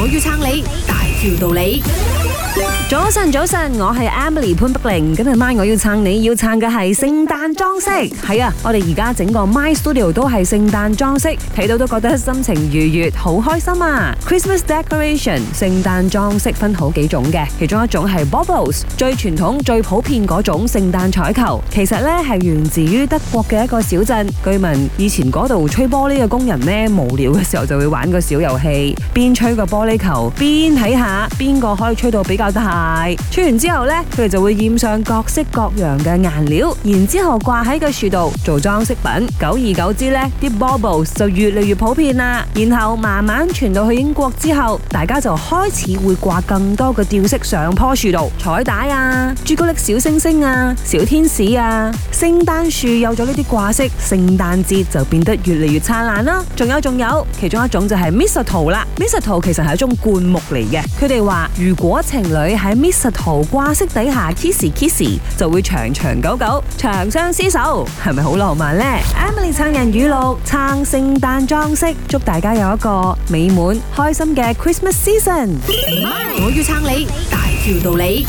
我要撐你，大條道理。早晨，早晨，我係 Emily 潘碧玲，今日 MY 我要撐你要撐嘅係聖誕裝飾，係啊，我哋而家整個 my studio 都係聖誕裝飾，睇到都覺得心情愉悦，好開心啊！Christmas decoration 聖誕裝飾分好幾種嘅，其中一種係 baubles 最傳統最普遍嗰種聖誕彩球，其實呢，係源自於德國嘅一個小鎮，據聞以前嗰度吹玻璃嘅工人呢無聊嘅時候就會玩個小遊戲，邊吹個玻璃球邊睇下邊個可以吹到比較得下。係，出完之後呢，佢哋就會染上各式各樣嘅顏料，然之後掛喺個樹度做裝飾品。久而久之呢啲 baubles 就越嚟越普遍啦。然後慢慢傳到去英國之後，大家就開始會掛更多嘅吊飾上棵樹度，彩帶啊、朱古力小星星啊、小天使啊，聖誕樹有咗呢啲掛飾，聖誕節就變得越嚟越燦爛啦。仲有仲有，其中一種就係 mistletoe 啦。mistletoe 其實係一種灌木嚟嘅，佢哋話如果情侶喺喺 Mistletoe 掛飾底下 kissy kissy，就會長長久久，長相厮守，係咪好浪漫呢？Emily 撐人語錄，撐聖誕裝飾，祝大家有一個美滿、開心嘅 Christmas season。Hi. 我要撐你，大條道理。